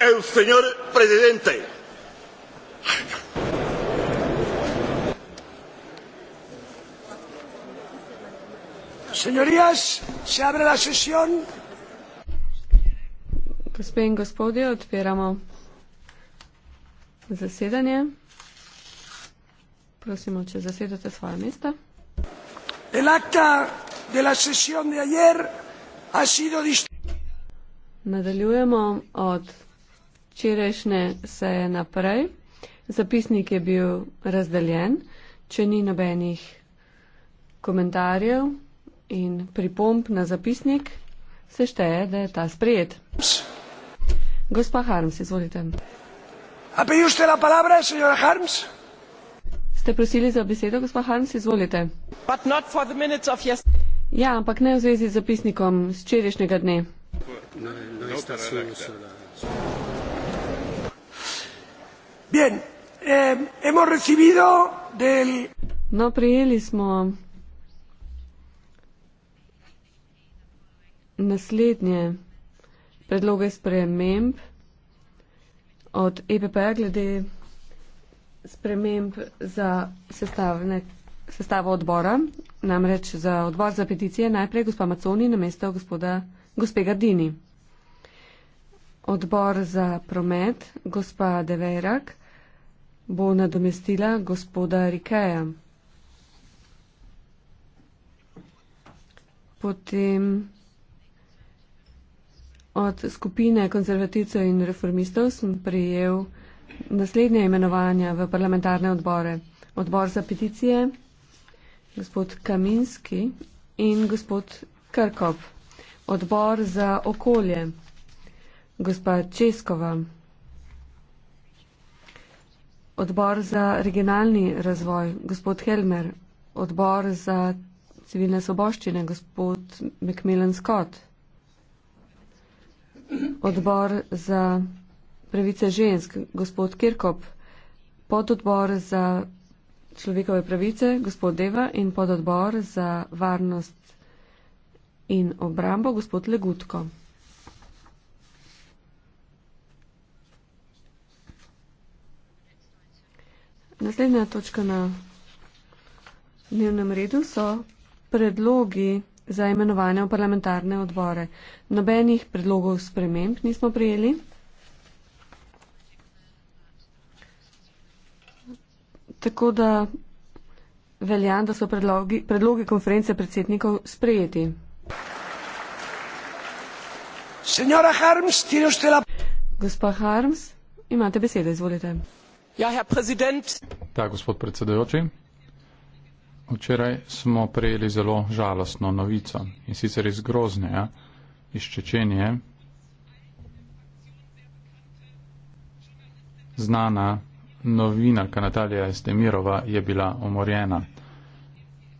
el señor presidente. Señorías, se abre la sesión. Gospe in gospodje, odpiramo zasedanje. Prosimo, če zasedate svoje mesta. El acta de la sesión de ayer ha sido distinta. Nadaljujemo od včerajšnje seje naprej. Zapisnik je bil razdeljen. Če ni nobenih komentarjev in pripomp na zapisnik, se šteje, da je ta sprejet. Gospa Harms, izvolite. A bi ušte la palabra, senjora Harms? Ste prosili za besedo, gospa Harms, izvolite. Ja, ampak ne v zvezi z zapisnikom z včerajšnjega dne no, no está su, su, la, su... Bien, eh, hemos recibido del. No, prielismo. Naslednje predloge sprememb od EPP glede sprememb za sestavne, sestavo odbora, namreč za odbor za peticije najprej gospod Maconi na mesto gospoda. Gospe Gardini. Odbor za promet, gospa Deverak, bo nadomestila gospoda Rikeja. Potem od skupine konzervativcev in reformistov sem prijel naslednje imenovanja v parlamentarne odbore. Odbor za peticije, gospod Kaminski in gospod Krkop odbor za okolje. Gospa Českova. Odbor za regionalni razvoj, gospod Helmer. Odbor za civilne soboščine, gospod Mekmelen Scott. Odbor za pravice žensk, gospod Kirkop. Pododbor za človekove pravice, gospod Deva. In pododbor za varnost in obrambo gospod Legutko. Naslednja točka na dnevnem redu so predlogi za imenovanje v parlamentarne odbore. Nobenih predlogov sprememb nismo prijeli. Tako da velja, da so predlogi, predlogi konference predsednikov sprejeti. Señora Harms, tiene usted la... Gospa Harms, imate besedo, izvolite. Ja, herr Präsident. Da, gospod predsedujoči. Včeraj smo prejeli zelo žalostno novico in sicer iz Groznega, ja, iz Čečenije. Znana novinarka Natalija Estemirova je bila umorjena.